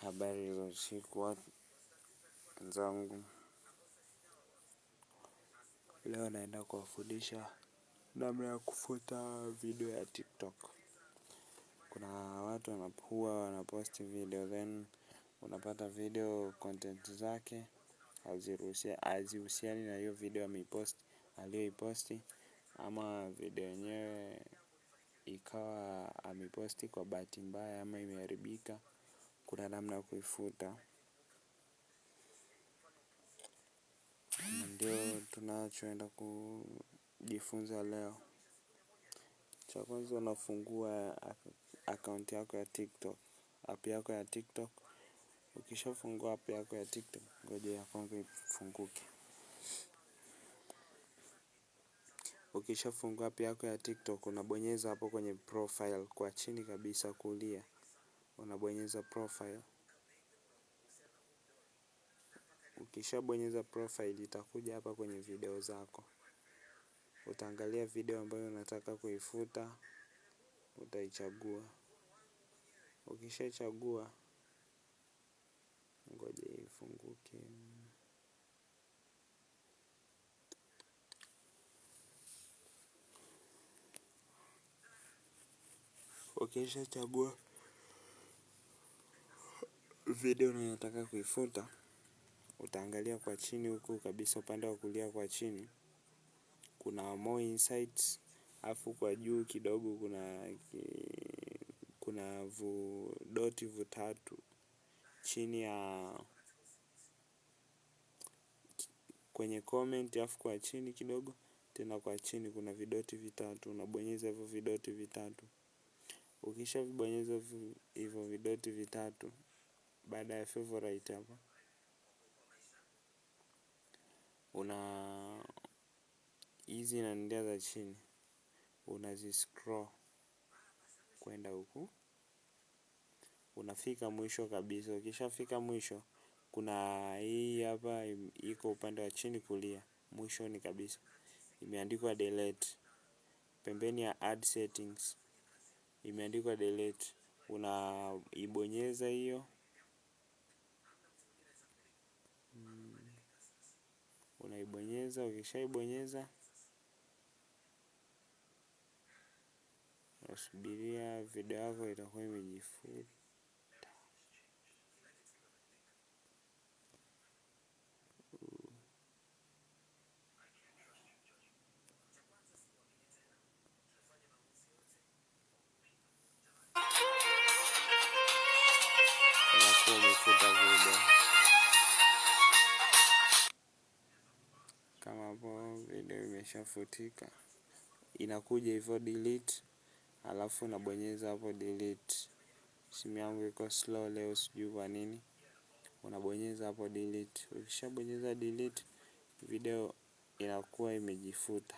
Habari za usiku wenzangu. Leo naenda kuwafundisha namna ya kufuta video ya TikTok. Kuna watu huwa wanaposti video then unapata video content zake hazihusiani na hiyo video ameiposti aliyoiposti ama video yenyewe ikawa ameposti kwa bahati mbaya ama imeharibika kuna namna ya kuifuta. Ndio tunachoenda kujifunza leo. Cha kwanza unafungua akaunti yako ya tiktok app yako ya tiktok. Ukishafungua app yako ya tiktok ngoja ya kwanza ifunguke. Ukishafungua app yako ya TikTok unabonyeza hapo kwenye profile kwa chini kabisa kulia. Unabonyeza profile. Ukishabonyeza profile itakuja hapa kwenye video zako. Utaangalia video ambayo unataka kuifuta. Utaichagua. Ukishachagua ngoja ifunguke. Nikisha chagua video unayotaka kuifuta utaangalia kwa chini huku kabisa upande wa kulia kwa chini kuna more insights afu kwa juu kidogo kuna kuna vidoti vitatu chini ya kwenye comment afu kwa chini kidogo tena kwa chini kuna vidoti vitatu unabonyeza hivyo vidoti vitatu. Ukishavibonyeza hivyo vidoti vitatu baada ya favorite hapa una hizi ndia za chini unaziscroll kwenda huku unafika mwisho kabisa. Ukishafika mwisho, kuna hii hapa iko upande wa chini kulia mwishoni kabisa, imeandikwa delete pembeni ya add settings imeandikwa delete, unaibonyeza hiyo, hmm. unaibonyeza. Ukishaibonyeza unasubiria video yako itakuwa imejifuta. ikishafutika inakuja hivyo delete alafu unabonyeza hapo delete. Simu yangu iko slow leo, sijui kwa nini. Unabonyeza hapo delete, ukishabonyeza delete video inakuwa imejifuta.